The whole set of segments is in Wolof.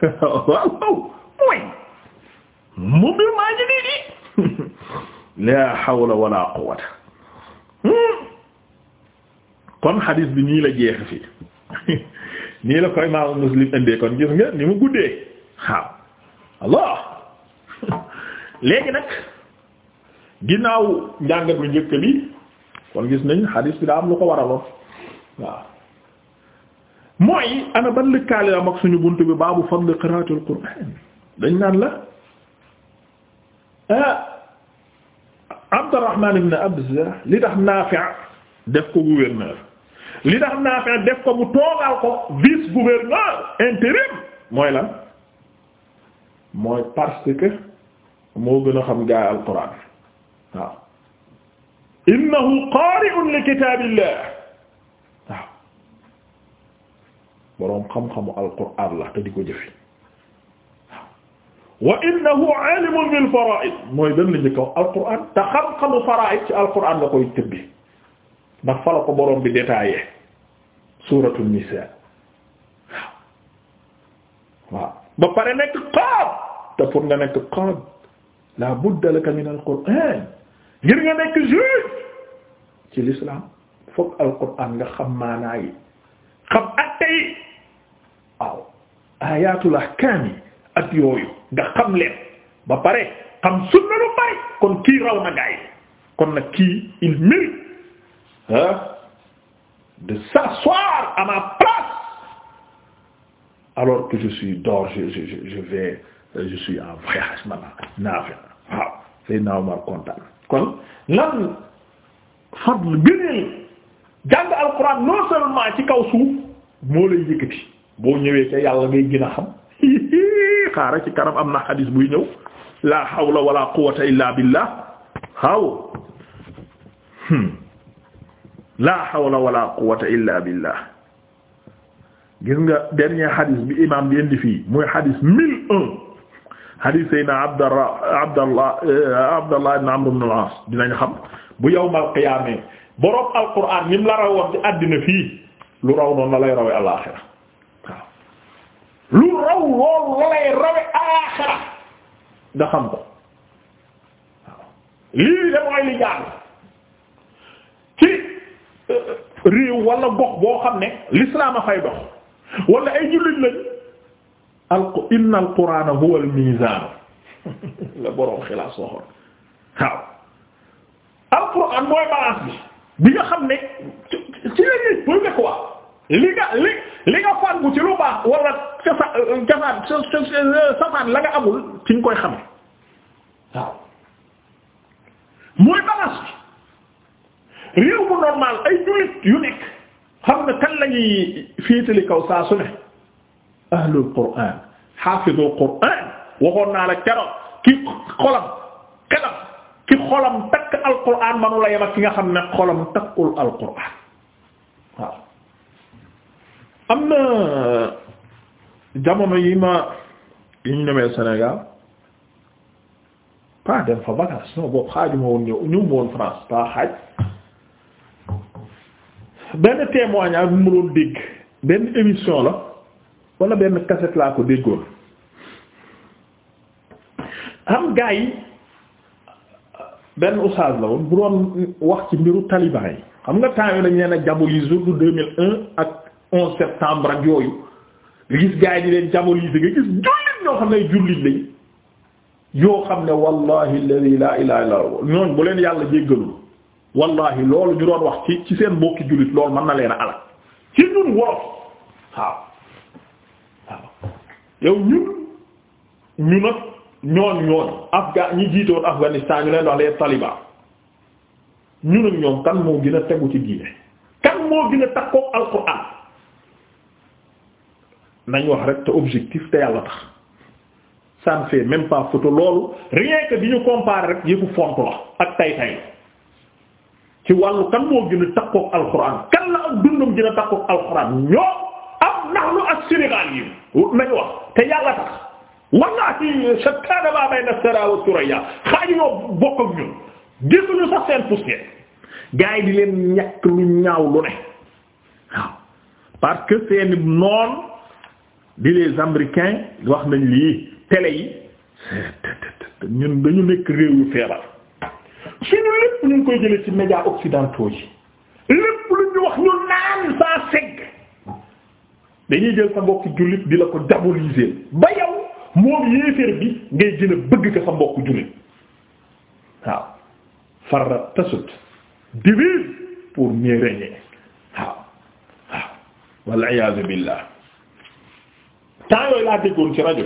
waaw waaw mooy mu mbir maa ngi nii nii laa hawla wala quwwata kon xadis bi nii la jeex fi nii la koy imaamu Muslim indee kon gis nga ni mu guddee waaw Allah léegi nag ginnaaw njàngat lu njëkk bi kon gis nañ xadis bi daa am lu ko waraloon waaw mooy ana ban lëkkaale am ak suñu buntu bi baabu fadl qiraatul qur'aan naan la ah Abdurrahman ibn Abza li tax Naafi' def ko gouverneur li tax Naafi' def ko mu toogal ko vice gouverneur intérim mooy lan mooy parce moo gën a xam gaay alquran waaw innahu qaari'un li kitaabillah boroom xam-xamu alquraan la te di ko jëfe wa innahu alimun bil fara'id la njëkkaw alquraan te xam-xamu fara'id ci alquraan nga koy tëbbi ndax la ko boroom bi détaillé suuratu nisaa waaw ba pare nekk qaab te pour nga nekk qaab la budda laka min alquraan ngir nga nekk juge ci l'islam fokk alquraan nga xam maanaa yi xam atte waaw ayatul ahkam yi ak yooyu nga xam leen ba pare xam sunna lu bari kon kii raw na gaay kon nag kii il mérite ah de s'asseoir à ma place alors que je suis dehors je je je vais je suis en voyage maanaam naafe waaw say naaw mar kontaan kon lan fadl gëneel jàng alquran non seulement ci kaw suuf moo lay yëkkati boo ñëwee ca yàlla ngay gën a xam xaaral ci kanam am na xadis buy ñëw laa xawla wala quwwata illa billah haw hmm. la hawla wala quwwata illa billah gis nga dernier xadis bi imam bi indi fii mooy xadis mille un xadis sayna abdallah abdallah eh, abdallah ibn amr ibn al-as dinañ xam bu yawmal qiyaamee boroom alquran ñim la rawoon ci àddina fii lu raw noonu lay rawee alaaxira lu raw loolu lay rawe aaxira nga xam ko waaw lii de mooy li ci euh, réew wala gox boo xam ne l'islam a fay dox wala ay jullit lañ al inna al qur'ana huwa al mizan mooy balance bi bi nga xam ne ci ci lañuy pour ne quoi li nga li li nga fàggu ci lu baax wala casaan euh, euh, casaan euh, safaan la nga amul ci nga koy xame waaw mooy ay jullit yu nekk xam nga kan lañuy féetali kaw saa su ne ahlul qur'an xaafizul qur'an waxoon naa la keroog ki xolam ki xolam takk al qur'an manu la ki nga xam ne xolam takkul al qur'an am na jamono yi ma yi ñu demee Sénégal pas dem fa vacances non boobu xaajuma woon ñëw ñëw ma woon France pas xaaj benn témoignage bu ma doon dégg benn émission la wala benn cassette laa ko déggoon am gaa yi benn oustaz la woon bu doon wax ci mbiru taliban yi xam nga temps dañ leen a diaboliser surtout 2001 ak. onze septembre ak yooyu nga gis gars yi di leen diaboliser nga gis jullit ñoo xam ne jullit lañ yoo xam ne wallahi alladhi la ilaha illa huwa ñooñ bu leen yàlla jéggalul wallahi loolu ñu doon wax ci ci seen mbokki jullit loolu mën na leen a alal ci ñun wolof waaw yow ñun ñu nag ñoon ñoon ñi jiitoon Afghanistan ñu leen wax les talibans ñun ñoom kan moo gën tegu ci diine kan moo gën a takkook alxuraan nañ wax rek te objectif te yàlla tax ça fait même pas photo loolu rien que di ñu comparer rek yëfu font la ak tay tay ci wàllu kan moo gën a takkook alxuraan kan la ak dundam gën a takkook alxuraan ñoo am nax lu ak Sénégal yi nañ wax te yàlla tax wallahi shattaana maa bayna saraa wa suraya xaaju yoo bokk ak ñun gisuñu sax seen poussière gars di leen ñàkk lu ñaaw lu ne parce que seeni noon di les américains wax nañ lii télé yi ñun dañu nekk réew yu feebar suñu lépp ñu ngi koy jële ci médias occidentaux yi lépp lu ñu wax ñu naan saa segg dañuy jël sa mbokk jullit di la ko diaboliser ba yow moom yéeféer bi ngay gën bëgg ko sa mbokk jullit waaw farra tasut divise pour mieux régner waaw waaw wal iyaazu billah temps yooyu laa déggoon ci rajo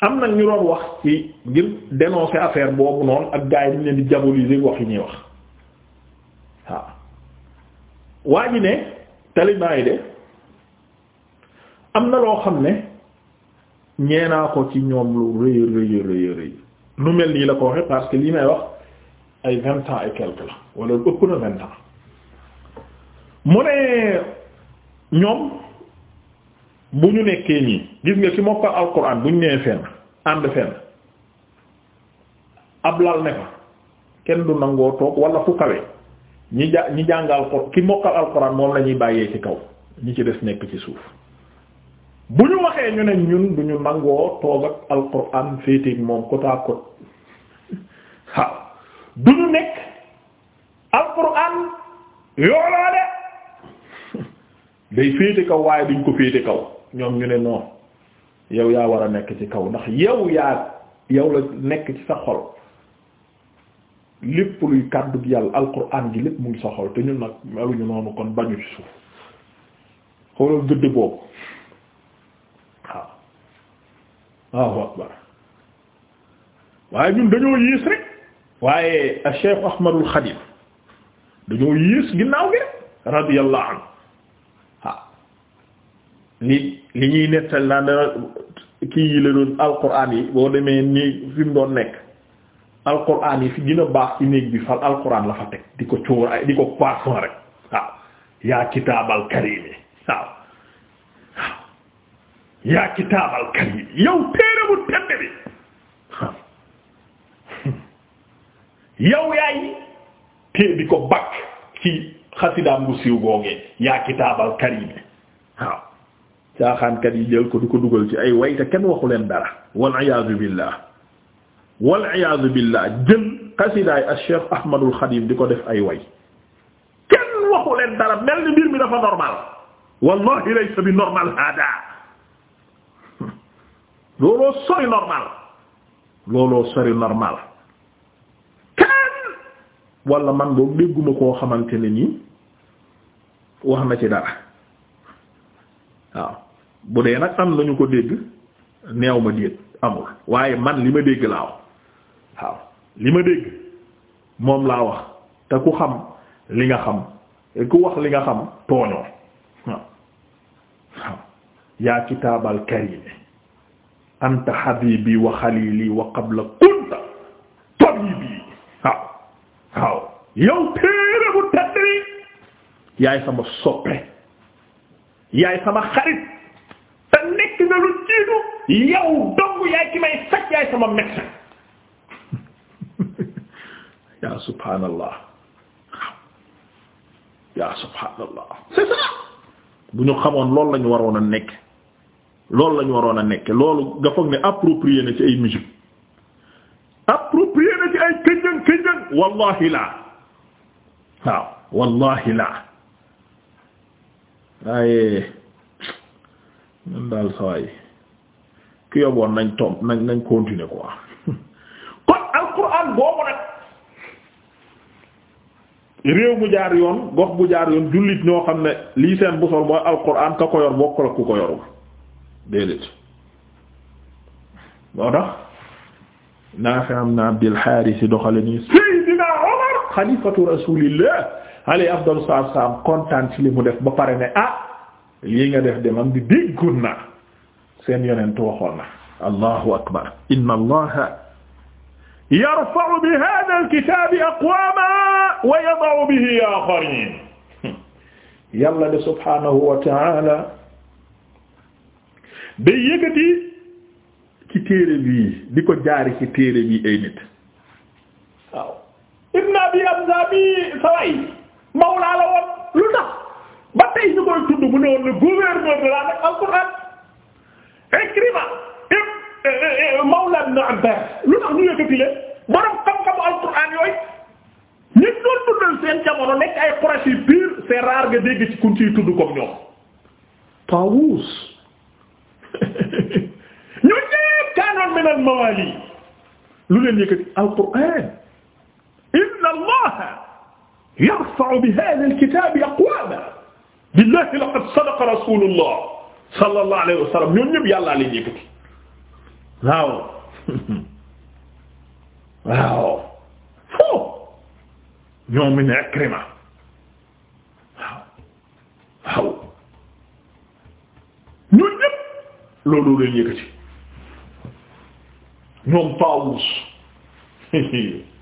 am nag ñu doon wax ci ngir dénoncer affaire boobu noonu ak gars yi ñu leen di diaboliser wax yi ñuy wax waaw waa ji ne taliban de am na loo xam ne ñeenaa ko ci ñoom lu rëy rëy rëy rëy nu mel nii la ko waxee parce que li may wax ay vingt ans et quelque la wala ëpp na vingt ans mu ne ñoom. bu ñu nekkee nii gis nga ki mokkal alquran bu ñu nee fenn ànd fenn ab lal ne fa kenn du nangoo toog wala fu kawe ñi ja ñi jàng alquran ki mokkal alquran moom lañuy ñuy bàyyee ci kaw ñi ci des nekk ci suuf bu ñu waxee ñu ne ñun du ñu nangoo toog ak alquran féeteeg moom côte à côte du ñu nekk alquran yooloo de day féete kaw waaye duñ ko féete kaw. ñoom ñu ne non yow yaa war a nekk ci kaw ndax yow yaa yow la nekk ci sa xol lépp luy kàddu gi yàlla alquran gi lépp mu ngi sa xol te ñun nag meluñu noonu kon bañu ci suuf xoolal gëdd boobu waaw waaye ñun dañoo yiis rek waaye Cheikh Ahmadul Khadim dañoo yiis ginnaaw gi rek radiyallahu li li ñuy nettal naan dana kii yi la doon alquran yi boo demee nii fi doon nekk alquran yi fi gën a baax ci néeg bi fal alquran la fa teg di ko cuuraay di ko poisson rek yaa kitaabal karim yi waaw tedd bi waaw yaay te di ko bakk ci xasidaam bu siiw googee yaa kitaabal karim waaw caaxaankat yi jël ko di ko dugal ci ay way te kenn waxu leen dara wal iyaazu billah wal iyaazu billah jël xasidaay ak Cheikh Ahmadul Xadim di ko def ay way kenn waxu leen dara mel ni mbir mi dafa normal wallahi laysa bi normal hada looloo sori normal looloo sori normal kenn wala man boobu dégguma koo xamante ne nii wax na ci dara waaw bu dee nag am nañu ko dégg neew ma déet amul waaye man li ma dégg laa wax waaw li ma dégg moom laa wax te ku xam li nga xam ku wax li nga xam tooñoo waaw waaw yaa kitaabal karime anta habibi wa xalili wa qabla kunta tabibi waaw waaw yow téere bu tedd yaay sama soppe yaay sama xarit yow dong yaay ki may faj yaay sama médecin yaa subhaanallah yaa subhaanallah c'est ça bu ñu xamoon loolu lañu waroon a nekk loolu la waroon a nekk loolu nga foog ne ci ay musique approprié na ci ay kënjën kënjën wallahi laa waaw wallahi laa waaye ñun daal sawaay ki yoboon nañ tom nañ nañ continuer quoi kon alquran boobu nag réew mu jaar yoon gox bu jaar yoon jullit ñoo xam ne lii seen busol mooy alquran ka ko yor bokkul ak ku ko yorul déedéet moo tax Naafi am na Abdul Haaris doxale nii Seydina Omar xalifatu Rasuulillah alayhi afdalu salaam kontaan ci li mu def ba pare ne ah lii nga def de di déggoon naa seen yonent waxoon na allahu akbar inna allaha yarfa'u bi hadha alkitabi aqwama wa yada'u bihi akharin yàlla de subhanahu wa ta'ala day yëkkati ci téere bii di ko jaari bi saway mawla la woon lu tax ba tey ñu koy tudd mu ne woon le gouverneur Ikrima eh, eh, eh, mawla ibn Abbas lu tax ñu yëkkati leen borom xam-xamu alquran yooyu nit doon dundal seen jamono nekk ay Quraysh yi pur c'est rare nga dégg ci kuñ ciy tudd comme ñoom Tawus ñu ñépp kaanoon min al mawali lu leen yëkkati alquran inna allaha yarfa'u bi hadha alkitabi aqwama billahi laqad sadaqa rasulullah sallallahu alayhi wa sallam ñoom ñëpp yàllaa leen yëkkati waaw waaw foo ñoom min Ikrima waaw waaw ñoom ñëpp loolu leen yëkkati ñoom Taawus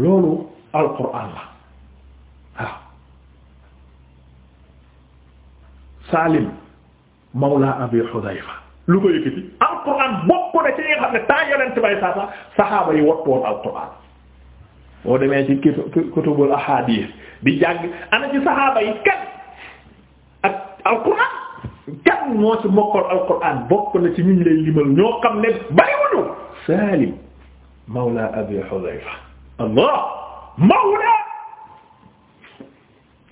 loolu alquran la waaw Salim Mawla Abi Hudayfa lu ko yëkkati alquran bokk na ci nga xam ne temps yonent bay saa sax saxaaba yi wattoon alquran boo demee ci kutubul ahadith di ana ci saxaaba yi kat ak alquran kat moo ci mokkoon alquran bokk na ci ñu lay limal ñoo xam ne bariwuñu Salim Mawla Abi Hudayfa allah mawla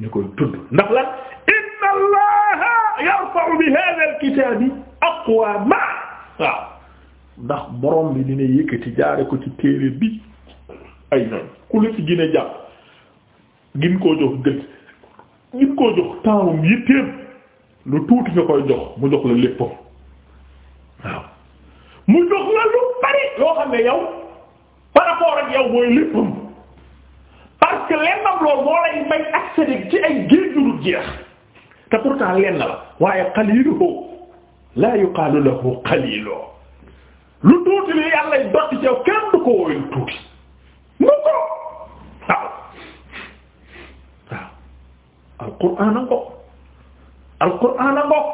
ñu koy tudd ndax lan inna allaha yarfa'u bi hadha alkitabi aqwama waaw ndax borom bi dina yëkkati jaare ko ci téere bi ay noon ku la ci gën jàpp gin koo jox gët gin koo jox tempsum yitteem lu tuuti nga jox mu jox la léppam mu jox la lu bari loo xam ne yow par rapport ak yow mooy léppam parce que lennam loolu moo may accéder ci ay géejuru jeex te pourtant lenn la waaye qaliluhu la yuqalu lahu qalilu lu tuuti li yàlla dotti ci yow kenn du ko tuuti mu ko waaw waaw alquraan a ngoog alquraan a ngoog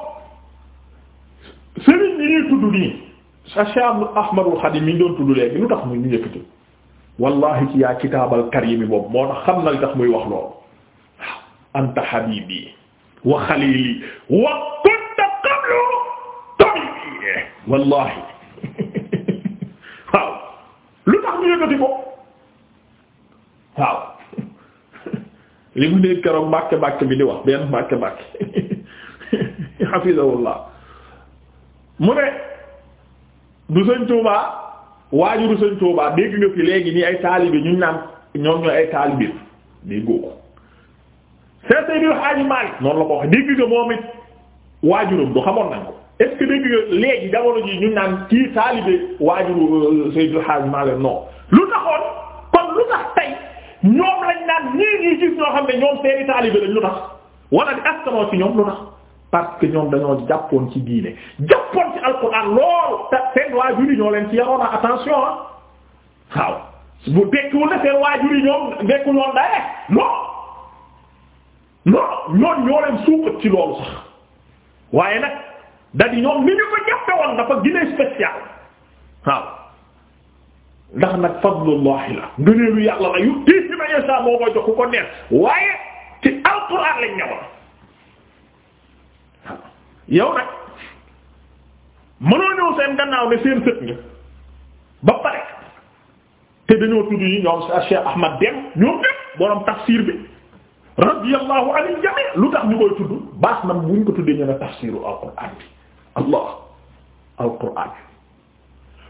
sëriñ ñi ñuy tudd nii sa Cheikh Ahmadul Xadim mi ñu doon tudd léegi lu tax mu ñu yëkkati wallahi ci yaa kitaabal karimi boobu moo tax xam na li tax muy wax loolu waaw anta habibi wa xalili wa kunta qablu tabibi wallahi waaw lu tax ñu yëkkati ko waaw li mu ne keroog mbàkke mbàkke bi di wax benn mbàkke mbàkke hafizahullah mu ne du sëñ Tuubaa waajuru sëñ Tuubaa dégg nga fi léegi nii ay taalibe ñu naan ñoom ñooy ay taalibe déggoo ko Seex Seydil Haaji Maalik noonu la ko wax dégg nga moom waa juru du xamoon nañ ko est-ce que dégg nga léegi jamono ji ñu naan kii taalibe waajuru euh, Seydil Haaji Maalik non lu taxoon kon lu tax tey ñoom lañ naan ñii ñuy gis ñoo xam ne ñoom seeni taalibe lañ lu tax wala di askanoo ci ñoom lu tax parce que ñoom dañoo jàppoon ci diine jàppoon ci alquran lool te seen waajur yi ñoo leen ci yaroon a attention ah waaw bu tekkiwul ñoom ñoo leen suubat ci loolu sax waaye nag da ñoom ni ñu ko jàppe woon dafa gine spécial waaw ndax nag fadlullahi la ngëneelu yàlla la yu tiisi ma yesa moo koy jox ku ko neex waaye ci alquran lañ ñëwoon yow nag mënoo ñëw seen gannaaw ne seen sët nga ba pare te dañoo tudd yi ñoom Cheikh Ahmad Dem ñoom ñépp borom tafsir bi radiyallahu anil jami lu tax ñu koy tudd baax na buñ ko tuddee ñu ne tafsiru alquran bi allah alquran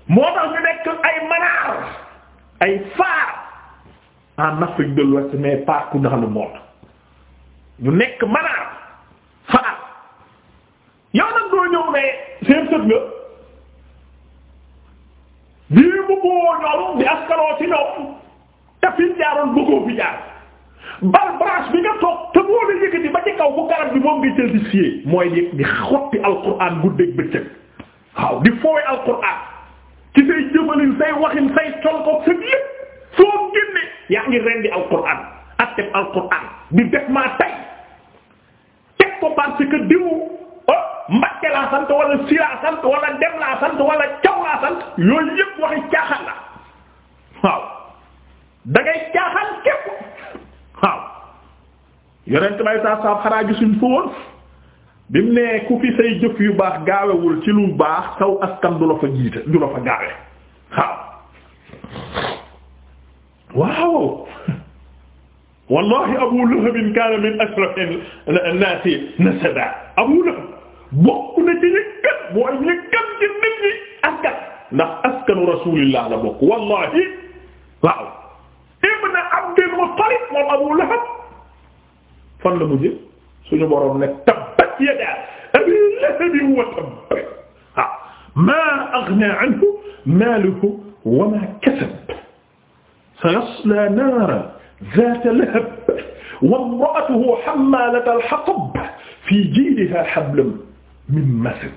moo tax ñu nekk ay manaar ay faar en Afrique de l'Ouest mais partout dans le monde ñu nekk manaar dañoo ñëw ne seen sët nga bii mu boo ñoom di askanoo ci te fi ñu jaaroon bal branche bi nga toog te moo la yëkkati ba ci kaw bu garab bi moom ngay jël di siyee mooy di di xotti alquran guddeeg bëccëg waaw di foowe alquran ci say jëmalin say waxin say colkoog sa lépp foo génne yaa ngi rendi alquran ak teg alquran di def maa tey teg ko parce que Mbakke laa sant wala si sant wala dem laa sant wala caw laa sant yooyu yëpp waxi caaxaan la waaw da ngay képp waaw yonent may saa saaf xanaa gisuñ fa bi mu ne ku fi say jëf yu baax gaawewul ci lu baax saw askan du la fa jiite du la fa gaawe waaw wallahi Abu Lahab kaana min ashraf naasi nasaba Abu Lahab bokk na ci ñi gën mooy ñi gën ci nit ñi askan ndax askanu rasulillah la bokk wallahi waaw ibn abdul muttalib moom abu lahab fan la mujj suñu boroom ne tabbat yadaa abi lahab wa tabb maa aghnaa anhu maaluhu wa maa kasab sayaslaa naaran zaata lahab wa imra'atuhu hammaalata al-hatab fii jiidihaa hablun min masad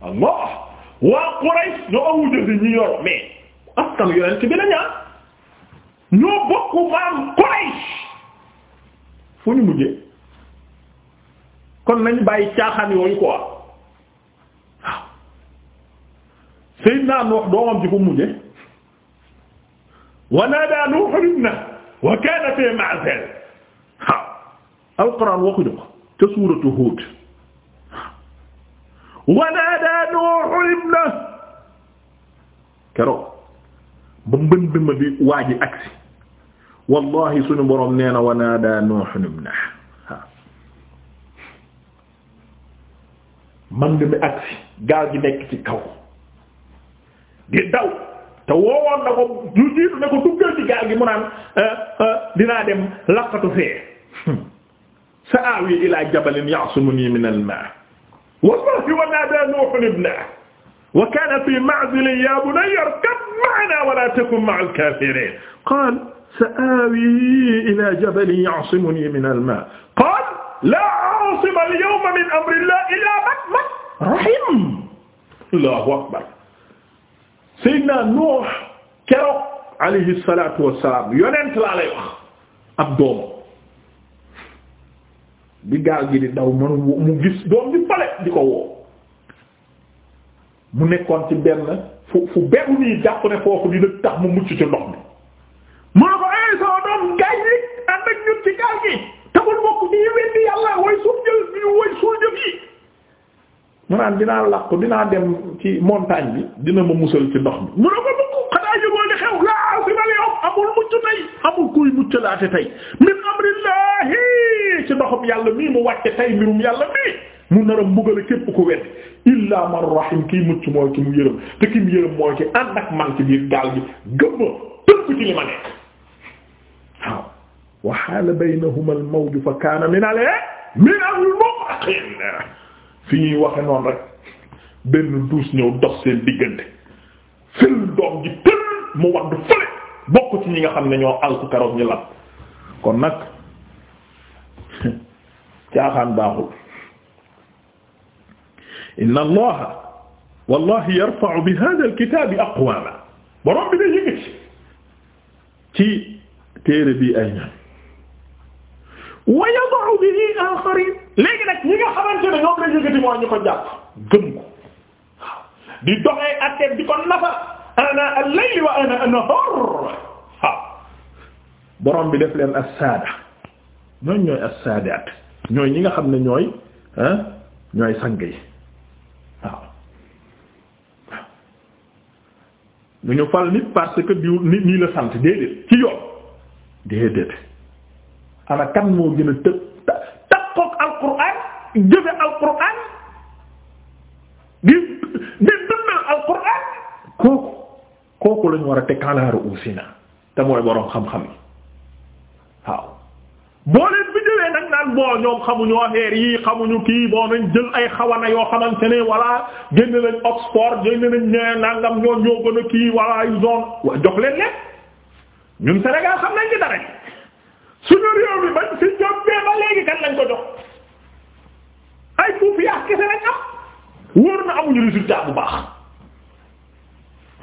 allah waa Quraysh ñoo Abu Jahl ñi yor mais askan yonent bi la bokku maam Quraysh fu ñu mujjee kon nañ bàyyi caaxaan yooyu quoi waaw Seydina Nuux doomam ji fu mujjee wa naadaa Nuuhun ibnahu wa kaana fii ma'zal waaw alquran waxuñu ko ca suuratu Huud wanaadaa Nuuhu ibnahu keroog ba mbënd ma bi waa ji agsi wallahi suñu boroom nee na wanaadaa Nuuhu ibnahu man bi mi agsi gaal gi nekk ci kaw di daw te woowoon na ko lu jiitu ne ko duggal ci gaal gi mu naan eh, eh, dinaa dem laqatu fee hmm. sa aawi ilaa jabalin ya'simuni min al-maa' wallahi wa naadaa Nuuhun ibnahu wa kaana fii ma'zilin yaa bunayya irkab ma'anaa wa laa takun ma'al kaafiriin qaala sa'aawii ilaa jabalin ya'simunii minal maa' qaala laa 'aasima al-yawma min amrillaahi illaa man rahim Allahu akbar Seydina Nuuh keroog alayhi salaatu wa salaam yonent laa lay wax ab doom bi gaal gi di daw mënu mu gis doom bi pale di ko woo mu nekkoon ci benn fu fu benn nii jàpp ne foofu dina tax mu mucc ci ndox mi mu ne ko ay eh, sama doom gaay yi ànd ak ñun ci gaal gi tabul bokk di weddi yàlla way suuf jël bi way suuf jëf yi mu dinaa làqu dinaa dem ci montagne bi dina ma musal ci ndox mi mu ne ko bokk xanaa yëgoo li xew amul mucc tey amul kuy muccalaate tey min amrillahi ci ndoxam yàlla mii mu wàcce tey mbirum yàlla mii mu nar a mbugale képp ku wedd illaa man rahim kii mucc mooy ki mu yërëm te ki mu yërëm mooy ki ànd ak man ci biir gaal gi gëm ma tënk ci li ma nekk waaw wa haala baynahuma al mawju fa kaana min al min al mughraqin fi ñuy waxe noonu rek benn duus ñëw dox seen diggante fël doom ji tël mu wadd fële bokk ci nga xam ne ñoo alku keroog ñu lab kon nag caaxaan baaxul inna allaha wallahi yarfa'u bi hadha alkitabi aqwama borom bi day yëkkati ci téere bi ay ñaan wa yada'u bihi akharin léegi nag ñi nga xamante ne ñoom lay yëkkati mooy ñu ko gëm ko di doxee ak di ko nafa ana al wa ana an-nahar borom bi def leen as-saada ñooñ ñooy as ñooy ñi nga xam ne ñooy ñooy sang yi waaw lu ñu fal nit parce que diw nit nii la sant déedéet ci yoon déedéet ana moo gën a tëb takkook alquran jëfe alquran di di dundal alquran kooku kooku lañu war a teg ala ru'usina te mooy boroom xam-xam yi boo leen fi jëlee nag naan boo ñoom xamuñu affaire yi xamuñu kii boo nañ jël ay xawana yoo xamante ne voilà génn nañ Oxford génn nañ ñee nangam ñoo ñoo gën a kii voilà ils ont wa jox leen lépp ñun Sénégal xam nañ ci dara suñu réew mi bañ si jombee ba léegi kan lañ ko jox ay puuf yaa kese lañ am wóor na amuñu résultat bu baax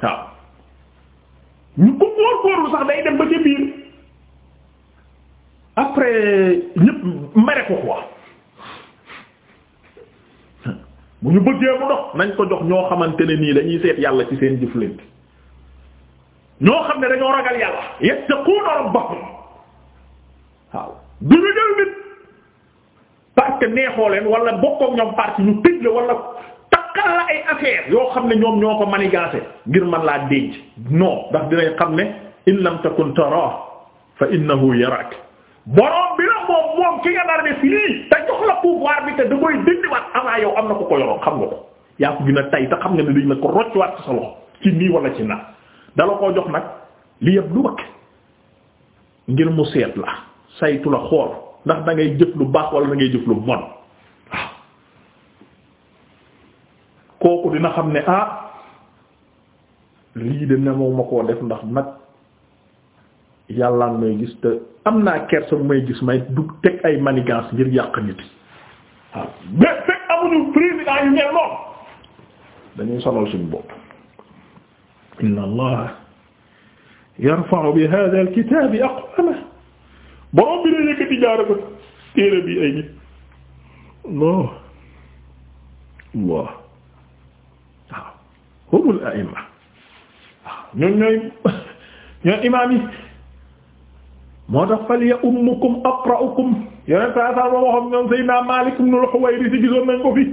waaw ñu ko góor góorlu sax day dem ba ca biir après ñëpp mere ko quoi bu ñu bëggee mu dox nañ ko jox ñoo xamante ne nii lañuy seet yàlla ci seen jëflante ñoo xam ne dañoo ragal yàlla yattaquuna rabbahum waaw du ñu jël nit parce que neexoo leen wala bokkook ñoom parti ñu tëj la wala takkal la ay affaire yoo xam ne ñoom ñoo ko manigancé ngir man laa denc non ndax dinañ xam ne in lam takun tara fa innahu yarak borom bi la moom moom ki nga nar ne fii te jox la pouvoir bi te da koy dindiwaat yow am na ko ko yoroon xam nga ko yaa ko gën a tay te xam nga ne dañ la ko roccuwaat sa loxo ci nii wala ci na dala koo jox nag li yëpp lu bëgg ngir mu seet la saytu la xool ndax da ngay jëf lu baax wala da ngay jëf lu bon kooku dina xam ne ah lii de ne moom ma koo def ndax nag yàllaa ngi may gis te am naa kersa bu may may dug teg ay manigance ngir yàq nit waaw mais fekk amuñu président yu mel noonu dañuy sonal suñu bopp inna allah yarfa'u bi hadha al-kitabi aqwama borom bi na yëkkati jaara ko téere ay nit allah allah waaw humul moo tax fal ya ummukum aqra'ukum yeneen saa saa ba waxoon ñoom Seydina Maalik ibn al-Huwayrith si gisoon nañ ko fi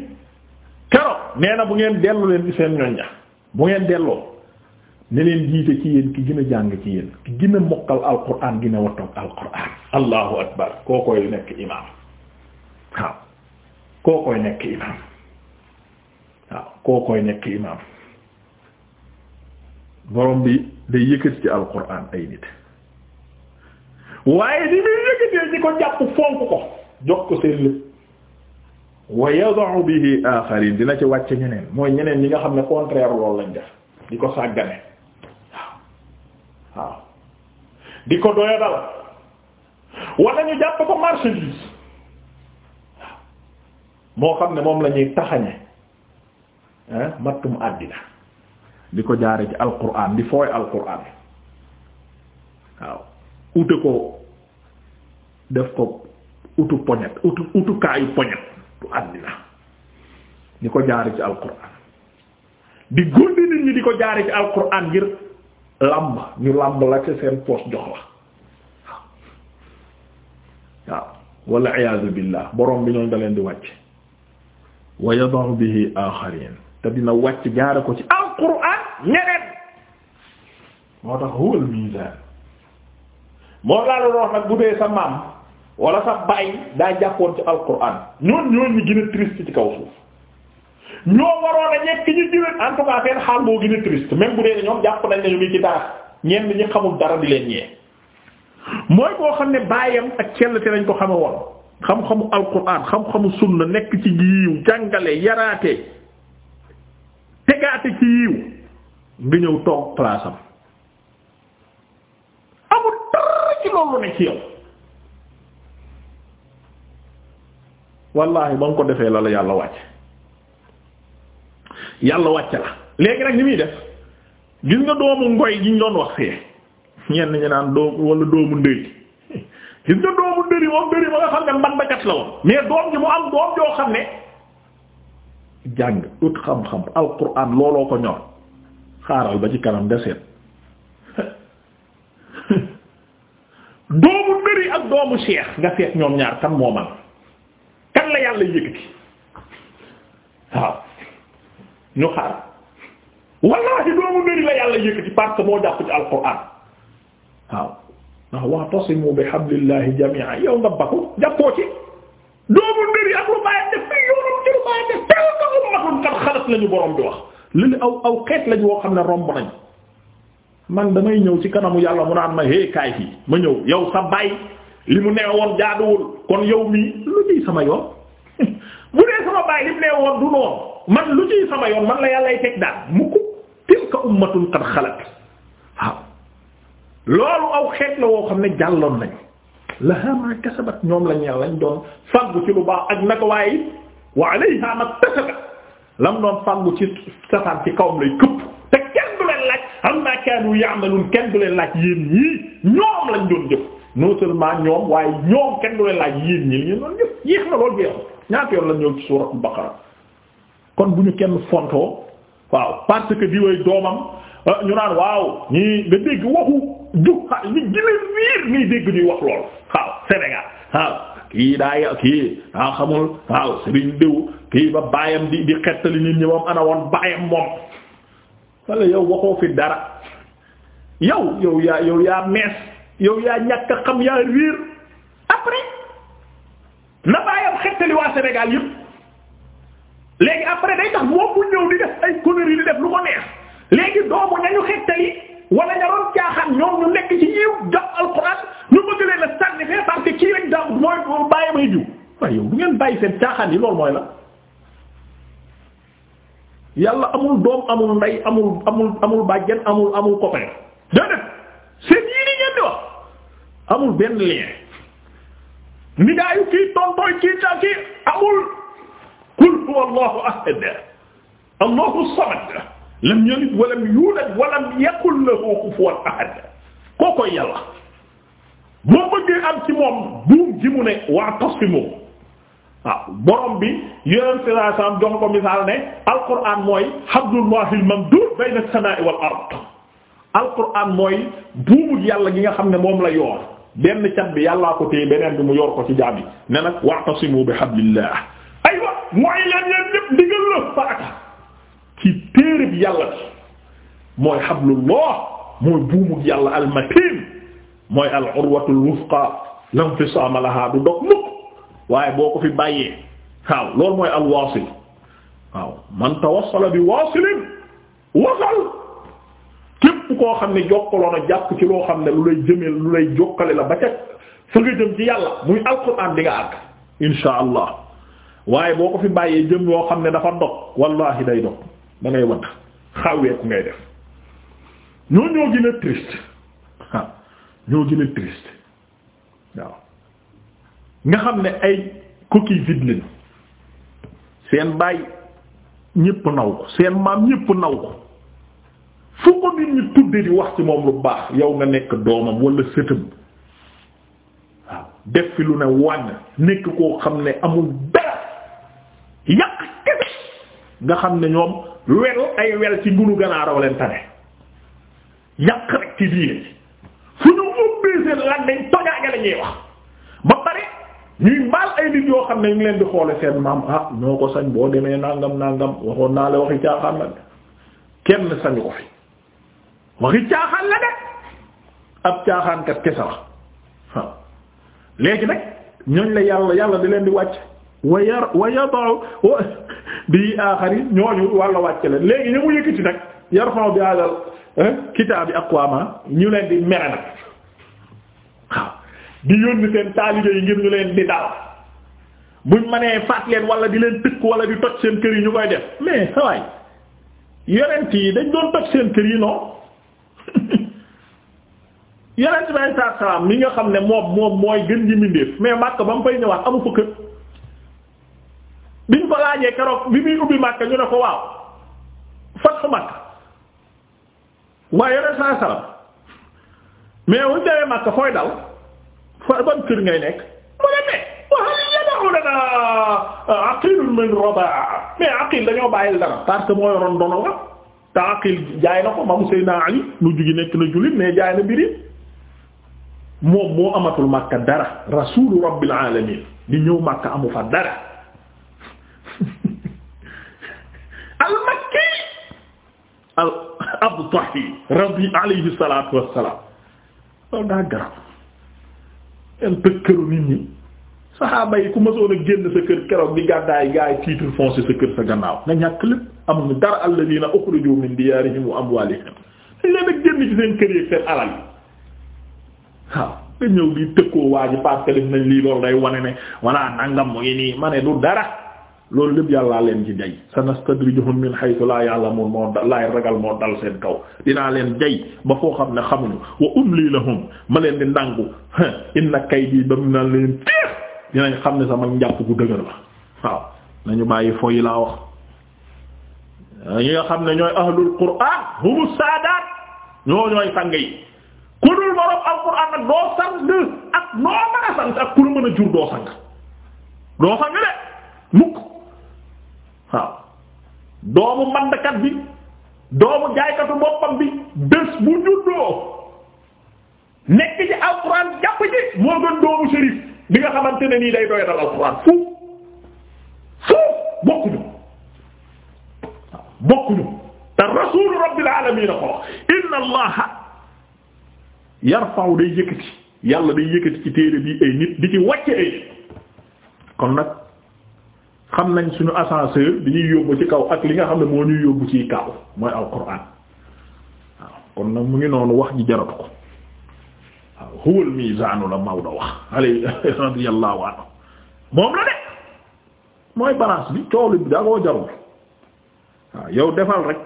keroog nee na bu ngeen dellu leen ci seen ñoñña bu ngeen delloo ne leen jiite ci yéen ki gën a jàng ci yéen ki gën a mokkal Alquraan gën a wattoog Alquraan allahu akbar koo koy nekk imaam waaw koo koy nekk imaam waaw koo koy nekk imaam borom bi day yëkkati ci Alquraan ay nit. waaye di muy yëkkatee ñi ko jàpp fonk ko jox ko seen lépp wa yada'u bihi aaxarin dina ci wàcc ñeneen mooy ñeneen ñi nga xam ne contraire loolu lañ def di ko sàggane waaw waaw di ko doyadal wala ñu jàpp ko marchandise waaw moo xam ne moom lañuy ñuy taxañe mattum àddina di ko jaare ci alquran di fooy alquran waaw ute ko def ko utu poñet utu utukaayu poñet du àddina di ko jaari ci alquran di góndi nit ñi di ko jaari ci alquran ngir làmb ñu làmb la ci seen poos jox la waaw walla iyaazu billaah borom bi ñoom da leen di wàcc wa yadahu bihi aaxariin te dina wàcc jaare ko ci alquran ñeneen moo tax huwa al moo laa doon wax nag bu dee sa maam wala sa baay daa jàppoon ci alquran ñoon ñoon ñi gën a triste ci kaw suuf ñoo waroon a ñekk ñu jiwén en tout cas seen xaal boo gën a triste même bu dee ñoom jàpp nañ ne ñu ci dara ñenn ñi xamul dara di leen ñee mooy koo xam ne baayam ak cellte lañ ko xame woon xam-xamu alquran xam-xamu sunna nekk ci yiw jàngale yaraate tegaate ci yiw nga ñëw toog place loolu ne ci yow wallahi ba nga ko defee la la yàlla wàcc yàlla wàcc la léegi nag ni muy def gis nga doomu ngoy gi ñu doon wax fee ñenn ñi naan doom wala doomu ndëri gis nga doomu ndëri moom ndëri ba nga xam ne mban la woon mais doom ji mu am doom joo xam ne jàng ut xam-xam alquran looloo ko ñor xaaral ba ci kanam de seet doomu ndëri ak doomu cheikh nga seet ñoom ñaar kan moo man la yàlla yëkkati waaw ñu xaar wallahi doomu ndëri la yàlla yëkkati parce moo jàpp ci alquran waaw ndax wa'tasimu bi hablillahi jami'a yow nga bakku jàppoo ci doomu ndëri ak lu bàyyi def fii yoonam ci lu bàyyi def teew na ummatun qad lañu borom bi wax lili aw aw lañu woo xam ne romb nañ man damay ñëw ci kanamu yàlla a naan ma hey kaay fii ma ñëw yow sa baay li mu nee woon jaaduwul kon yow mii lu ciy sama yoon bu dee sama baay li mu nee woon du noonu man lu ciy sama yoon man la yàllay teg daal mukk tilka ummatun qad xalat loolu aw xeet la woo xam ne jàlloon nañ laha ma kasabat ñoom lañ yàlla lañ doon fàggu ci lu baax ak naka waaye wa alayha ma kasabat lam doon fàggu ci safaan ci kawam lay këpp amma kaanu ya'malun kenn du leen laaj yéen ñii ñoom lañ doon jëf non seulement ñoom waaye ñoom kenn du leen laaj yéen ñii li ñu doon jëf yéex na loolu jeexul yoon kon bu ñu kenn fontoo waaw euh, ñu naan waaw ñii nga dégg waxu juxa ñi gëna wiir ngay dégg ñuy wax lool waaw Sénégal waaw kii daaya kii aa xamul waaw Serigne Dew kii ba baayam di di xettali nit ñi ana woon baayam moom wala yow waxoo fi dara yow yow yaa yow mees yow yaa ñàkk a xam yaa riir après na bàyyam xettali waa Sénégal yëpp léegi après day tax moom bu ñëw di def ay conneries di def lu ko neex léegi doomu nañu xettali wala ña doon caaxaan ñoom ñu nekk ci yiw jox alxuraan ñu bëgg leen a sànni fee parce que kii rek daaw mooy bàyyamay jiw waaye yow du ngeen bàyyi seen caaxaan yi loolu mooy la. yàlla amul doom amul ndey amul amul amul bàjjen amul amul copain déedéet seen yii ni ngeen di wax amul benn lien ni daayu kii tontooy kii ta kii amul qul huwa allahu ahad allahu samad lam yalid walam yulad walam yakul lahu kufuwan ahad kookoy yàlla boo bëggee am ci moom buum ji mu ne waa tasimu waaw borom bi yonent bi sallallahu alayhi wasallam jox ko misaal ne alquran mooy hablullahil mamdud bayna as-samaa'i wal ard alquran mooy buubu yàlla gi nga xam ne moom la yoor benn cat bi yàlla ko téye beneen bi mu yor ko ci jaam ne nag wa'tasimu bi hablillah aywa mooy leen leen lépp digal la faata ci téere bi yàlla bi mooy hablullah mooy buubu yàlla al mooy al urwatul wusqa lam fisaama laha du dog mukk waaye boo ko fi bàyyee waaw loolu mooy al waasil waaw man tawassala bi waasilin wasal képp koo xam ne jokkaloon a jàpp ci loo xam ne lu lay jëmee lu lay jokkale la ba ca fa nga jëm ci yàlla muy alquran di nga àgg insha allah waaye boo ko fi bàyyee jëm yoo xam ne dafa dog wallahi day dog da ngay wadd xawweeku ngay def ñoo ñoo gën a waaw nga xam ne ay coquille vide lañu seen baay ñépp naw ko seen maam ñépp naw ko fu ko nit ñi tudde di wax ci moom lu baax yow nga nekk doomam wala sëtam waaw def fi lu ne wàññ nekk koo xam ne amul dara yàq kese nga xam ne ñoom wel ay wel ci gunu ganaaraw leen tane yàq rek ci fu ñu ubbee seen lan tojaage la wax ba pare ñuy mbaal ay nit yoo xam ne ñu leen di xoole seen maam ah ñoo ko sañ boo demee nangam nangam waxoon naa la waxi caaxaan la kenn sañu ko fi waxi caaxaan la de ab caaxaankat kese la léegi nag ñooñ la yàlla yàlla di leen di wàcc wa yar wa yada'u bi aaxari ñooñu wàlla wàcc leen léegi ñu mu yëkkati nag yarfa'u bi hadal eh, kitaabi aqwaama ñu leen di mere nag waaw di yónni seen taalibe yi ngir ñu leen di dal buñ mënee faat leen wala di leen tëkk wala di toj seen kër yi ñu koy def mais sawaay yonent yi dañ doon toj seen kër yi non yonent bi ay saa mi nga xam ne moom moom mooy gën ji mindeef mais Makka ba mu fay ñëwaat amu fa kër biñ ko laajee keroog bi muy ubbi Makka ñu ne ko waaw fatxu Makka waaye yonent saa salaam mais wu demee Makka fooy dal. fa ban kër ngay nekk mu ne mais waxal yad'una aqil min rabaa mais aqil dañoo bàyyil dara parce que moo yoroon dono la te aqil jaay na ko maam Seydina Ali lu jugi nekk na jullit mais jaay na mbiri moom moo amatul Makka dara rasulu rabbil alamin di ñëw Makka amu fa dara al makki al abtahi rabbi alayhi salatu wassalam loolu daa garab dem tëj këru nit ñi saxaaba yi ku mësoon a génn sa kër keroog di gàddaay gaay titre foncier sa kër sa gannaaw nga ñàkk lépp amuñu dara alladina ukhrijuu min diyaarihim wa amwaalihim leen a génn ci seen kër yi seen alal yi waaw nga ñëw di tëkkoo waa ji nañ lii loolu day wane ne walla nangam mu nii ma ne dara loolu lépp yàllaa leen ci jay sanastadrijuhum min haythu laa ya'lamun moo laay ragal moo dal seen kaw dinaa leen jay ba foo xam ne xamuñu wa umli lahum ma leen di ndàngu inna kaydi ba mu naan leen téef dinañ xam ne sama njàpp gu dëgër la waaw nañu bàyyi fo laa wax ñi nga xam ne ñooy ahlul qur'an humu saadaat ñoo ñooy sang yi ku dul borom alqur'an nag doo sang ak noo mën a sang ak ku lu mën a jur doo sang doo sang de doomu mandkat bi doomu jaaykatu boppam bi bés bu juddoo nekk ci alxuraan jàpp ci moo gën doomu shérif bi nga xamante ne nii day doy dal alxuraan fuuf fuuf bokkuñu bokkuñu te rasuulu rabbil alamin a ko inna allaha yarfa'u day yëkkati yàlla day yëkkati ci téere bi ay nit di ci wàcce ay kon nag xam nañ suñu ascenseur li ñuy yóbbu ci kaw ak li nga xam ne moo ñuy yóbbu ci kaw mooy alquran waaw kon nag mu ngi noonu wax ji jaratu ko waaw huwal mizaanu la Maodo wax alay radiyallahu anhu moom la de mooy balance bi coow bi daa koo jarul waaw yow defal rek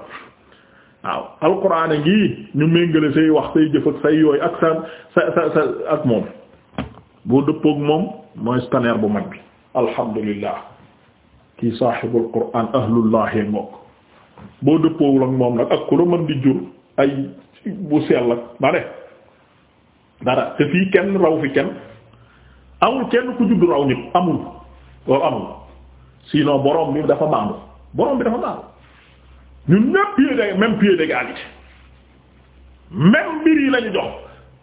waaw alquran a ngi ñu méngale say wax say jëf ak say yooyu ak sa sa sa sa ak moom boo dëppook moom mooy scanner bu mag bi alhamdulillah kii saaxibul quraan ahlullahi ngoog boo dëppoowul ak moom nag ak ku la mën di jur ay bu sell ak ma ne dara te fii kenn raw fi kenn amul kenn ku juddu raw nit amul loolu amul sinon borom bi dafa maandu borom bi dafa maandu ñun ñëpp pied de même pied d'égalité même mbir yi lañu jox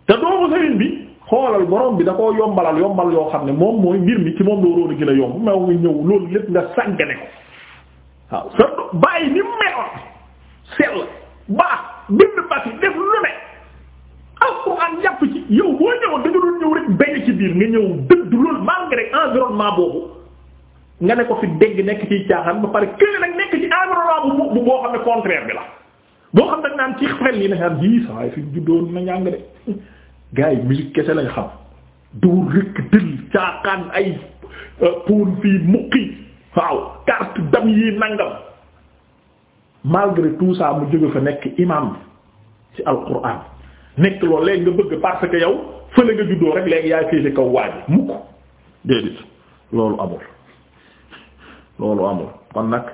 te doomu sëriñ bi xoolal borom bi da koo yombalal yombal yoo xam ne moom mooy mbir mi ci moom la waroon a gën a yomb maw nga ñëw loolu lépp nga sàggane ko waaw sa bàyyi ni meloon sell baax bind basi def lu ne alxuraan jàpp ci yow boo ñëwoon da nga doon ñëw rek bañ ci biir nga ñëw dëdd loolu malgré environnement boobu nga ne ko fi dégg nekk ci caaxaan ba pare kële nag nekk ci environnement bu boo xam ne contraire bi la boo xam ne naan ci xel yi ne xam ji saa yi fi juddoon na ñàng de gars yi musique kese lañ xam duur rëkk dël caaxaan ay euh, poon fii muqi waaw carte dam yi nangam malgré tout ça mu jóge fa nekk imam ci alquran nekk loolu léegi nga bëgg parce que yow fële nga juddoo rek léegi yaay féete kaw waaji mukk déedéet loolu amul loolu amul kon nag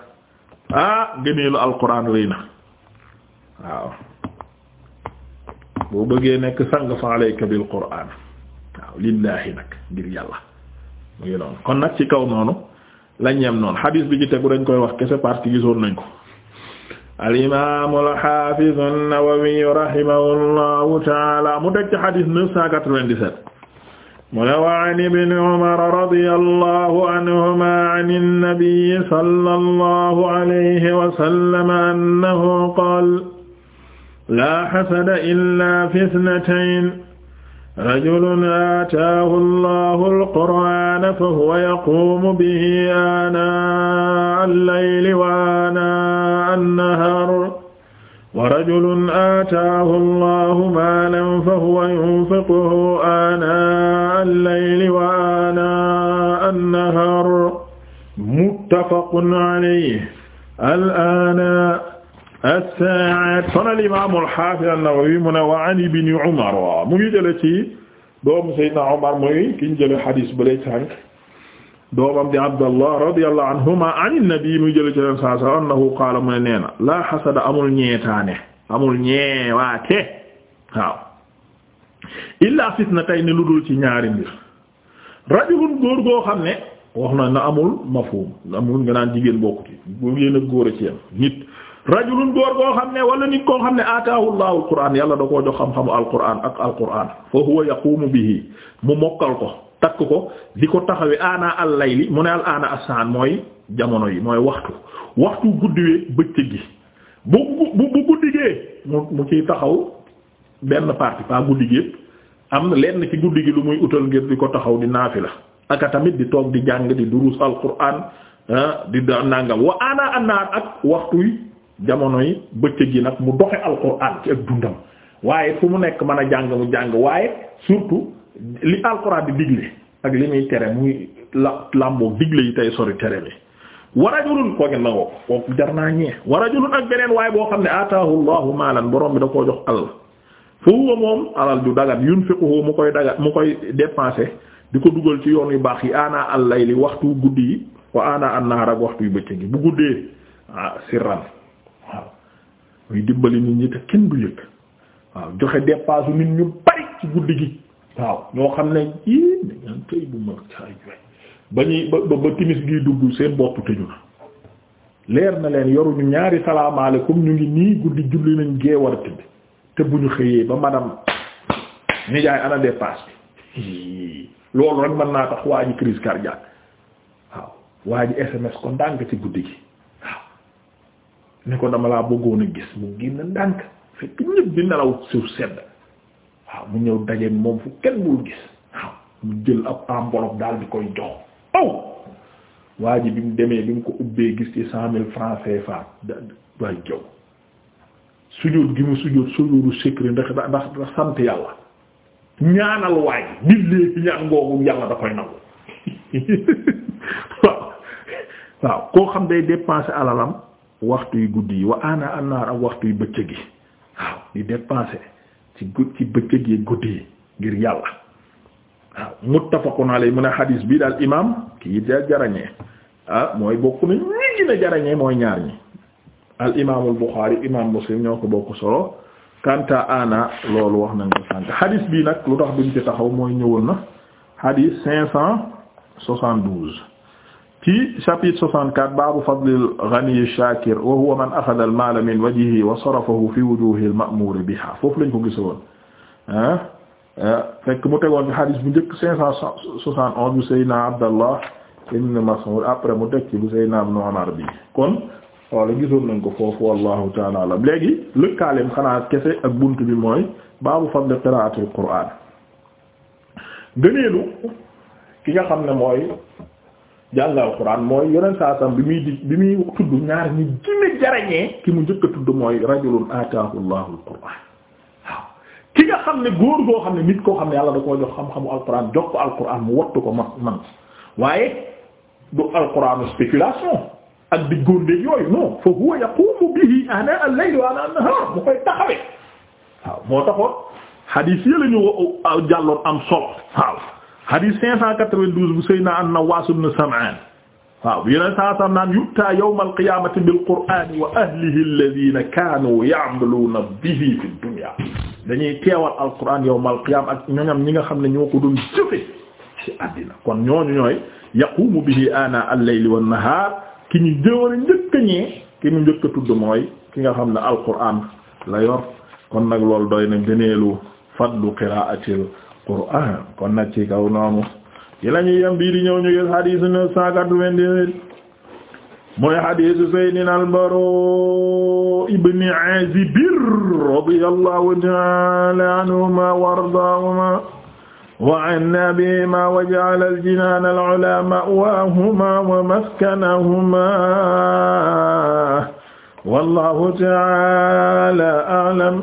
ah gëneelu alquran rëy na waaw boo bëggee nekk sang fa alayka bil qur'aan waaw lillaahi nag ngir kon nag ci noonu lañ yem noonu xadiis bi ci tegu dañ koy wax kese partie gisoon nañ ko al imaam al xaafiz an-Nawawi rahimahullahu taala mu teg ci xadiis 997 mu ne wa an ibni Umar radiyallahu anhuma an an-nabi sallallahu alayhi wa sallam annahu laa xasada illaa fi ithnatayn rajulun aataahu allahu alqur'aana fa huwa yaquumu bihi aanaa allayli wa aanaa annahaar wa rajulun aataahu allahu maalan fa huwa yunfiquhu aanaa allayli wa aanaa annahaar muttafaqun alayhi al-aana as-Saa'id kon mu ne wa an amul ñeetaane amul ñeewaate waaw illaa fitnatayni lu dul ci ñaari mbir rajulun góor goo xam ne wax na na amul mafhum nga naan jigéen bokkut yi bu yéen góor a ci yam nit rajulun góor goo xam ne wala nit koo xam ne ataahu llahu alquran yàlla da koo jox xam-xamu alquran ak alquran fa huwa yaqumu bihi mu mokkal ko takk ko di ko taxawi ana al layli mu ne al ana asaan mooy jamono yi mooy waxtu waxtu guddi wi bëccëg gi bu bu bu guddi gee mu mu ciy taxaw benn partie pas guddi gi yëpp am lenn ci guddi gi lu muy utal ngir di ko taxaw di la aka tamit di toog di jàng di duruus alquran ah, di da nangam wa jamono yi bëccëg gi nag mu doxe alquran ci ak dundam waaye fu mu nekk mën a jàng mu jàng waaye surtout li alquran di digle ak li muy tere muy la làmboo digle yi tey sori tere bi a rajulun koo ngeen oo ko jar naa ñee wa rajulun ak beneen waaye boo xam ne ataahu llahu maalan borom bi da koo jox alal fa huwa moom alal ju dagat yunfiquhu mu koy dagat mu koy dépenser di ko dugal ci yoon yu baax yi ana al layli waxtu guddi yi wa ana an yu bëccëg yi bu guddee ah waaw muy dimbali nit ñi te kenn du yëg waaw joxe dépasse nit ñu bari ci guddi gi waaw ñoo xam ne yii dañaan ba ñuy ba ba timis gi dugg seen bopp tëju na leer na leen yoruñu ñaari salaamaaleykum ñu ngi nii guddi julli nañ gee war a tëdd te bu ñu xëyee ba madame ni jaay ana dépasse bi loolu rek mën naa tax waa ji crise cardiaque waaw waa ji SMS ko ndànk ci guddi gi ne ko dama laa bëggoon gis mu génn ndànk fekk ñëpp di nelaw suuf sedd waaw mu ñëw daje moom fu kenn bul gis waaw mu jël ab enveloppe daal di koy jox aw waa bi mu demee bi mu ko ubbee gis ci cent mille francs CFA da waay jow sujjóot gi sant yàlla ñaanal waay dillee ci ñaan ngoogu yàlla da koy nangu waaw waaw koo xam day dépenser alalam waxtu yu guddi yi wa ana annaar ak waxtu yu bëccëg yi waaw di dépenser ci guddi ci bëccëg yi guddi yi ngir yàlla waaw naa alayhi mu ne xadiis bii daal imaam kii da jarañee ah mooy bokk na ñi gën a jarañee mooy ñaar ñi al imaamul Buxaari imaam Muslim ñoo ko bokk solo kanta ana loolu wax na ko sànk xadiis bii nag lu tax duñ ci taxaw mooy ñëwoon na xadiis cinq cent soixante-douze ci chapitre 64 baabu fadlil ghaniy shakir wa huwa man akhadha al min wajhihi wa sarafahu fi wujuhi al biha foofu lañ ko gisoon ah eh, fekk mu tegoon ci xadis bu njëkk 571 bu Seydina Abdallah ibn Mas'ud après mu teg ci bu Seydina Ibn Umar bi kon wala gisoon nañ ko foofu wallahu ta'ala léegi lëkkaaleem xanaa kese ak bunt bi mooy baabu fadli qira'atil qur'an gëneelu ki nga xam ne mooy jàng alxuraan mooy yonent saa sam bi muy di bi muy tudd ñaar ñi gine jarañee ki mu njëkk a tudd mooy rajulun ataahu llahu alxuraan waaw ki nga xam ne góor goo xam ne nit koo xam ne yàlla da koo jox xam-xamu alxuraan jox ko alxuraan mu wattu ko man man waaye du alxuraanu spéculation ak di góorndéeg yooyu non fa huwa yaqumu bihi ana al-layli wa ana an mu koy taxawee waaw moo taxoon xadiis yi jàlloon am solo hadis 592 bu Seydina an-Nawwas ibn Sam'an waaw yeneen saa sax naan yuttaa yawmal qiyaamati bil qur'aani wa ahlihi alladhiina kaanu ya'maluuna bihi fi dunya dañuy teewal alquran yawmal qiyaama ak ñoñam ñi nga xam ne ñoo ko doon jëfe ci àddina kon ñooñu ñooy yaqumu bihi ana al-layli wan-nahaar ki ñu jëwal njëkk ñee ki ñu njëkk tudd mooy ki nga xam ne alquran la yor kon nag loolu doy na gëneelu fadlu qiraatil qur'an kon nag ci kaw noonu ci la ñuy yem bii di ñëw ñu gis hadith neuf cent quatre-vingt-dix mooy hadith Seydina al-Bara ibn Azib radiyallahu ta'ala anhuma wa ardaahuma wa anna bihima wa ja'ala al-jinaan al-'ulaa ma'waahuma wa maskanahuma wallahu ta'ala a'lam